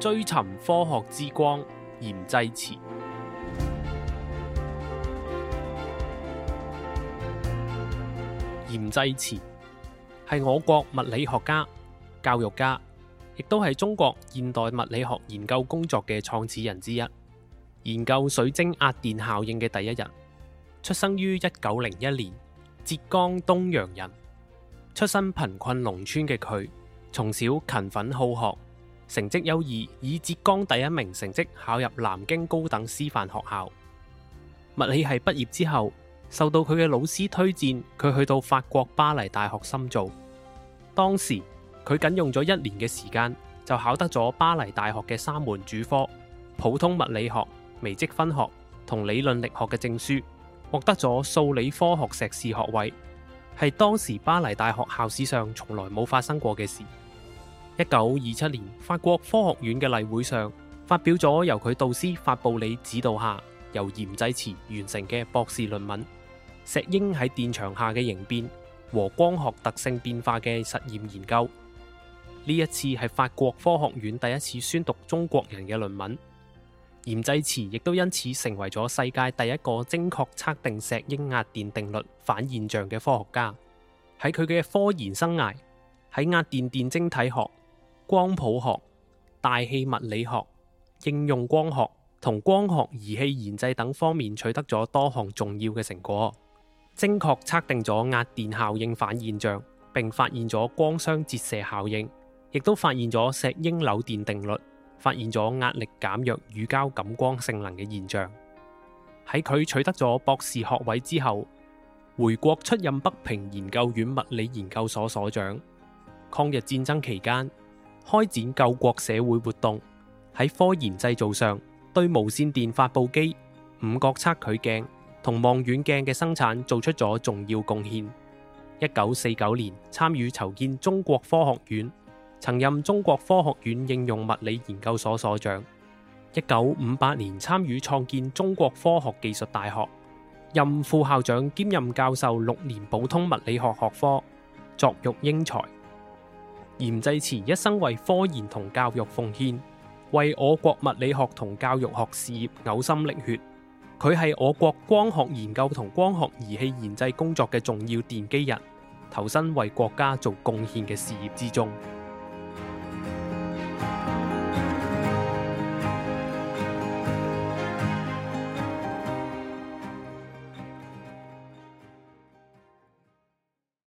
追尋科學之光，嚴濟慈。嚴濟慈係我國物理學家、教育家，亦都係中國現代物理學研究工作嘅創始人之一。研究水晶壓電效應嘅第一人，出生於一九零一年，浙江東陽人。出身貧困農村嘅佢，從小勤奮好學。成績優異，以浙江第一名成績考入南京高等師範學校。物理系畢業之後，受到佢嘅老師推薦，佢去到法國巴黎大學深造。當時佢僅用咗一年嘅時間，就考得咗巴黎大學嘅三門主科：普通物理學、微積分學同理論力學嘅證書，獲得咗數理科學碩士學位，係當時巴黎大學校史上從來冇發生過嘅事。一九二七年，法國科學院嘅例會上，發表咗由佢導師法布里指導下，由嚴濟慈完成嘅博士論文《石英喺電場下嘅形變和光學特性變化嘅實驗研究》。呢一次係法國科學院第一次宣讀中國人嘅論文，嚴濟慈亦都因此成為咗世界第一個精確測定石英壓電定律反現象嘅科學家。喺佢嘅科研生涯，喺壓電電晶體學。光譜學、大氣物理學、應用光學同光學儀器研製等方面取得咗多項重要嘅成果，精確測定咗壓電效應反現象，並發現咗光雙折射效應，亦都發現咗石英扭電定律，發現咗壓力減弱乳膠感光性能嘅現象。喺佢取得咗博士學位之後，回國出任北平研究院物理研究所所長。抗日戰爭期間，開展救國社會活動，喺科研製造上對無線電發佈機、五角測距鏡同望遠鏡嘅生產做出咗重要貢獻。一九四九年參與籌建中國科學院，曾任中國科學院應用物理研究所所長。一九五八年參與創建中國科學技術大學，任副校長兼任教授六年普通物理學學科，作育英才。.嚴濟慈一生為科研同教育奉獻，為我國物理學同教育學事業嘔心瀝血。佢係我國光學研究同光學儀器研製工作嘅重要奠基人，投身為國家做貢獻嘅事業之中。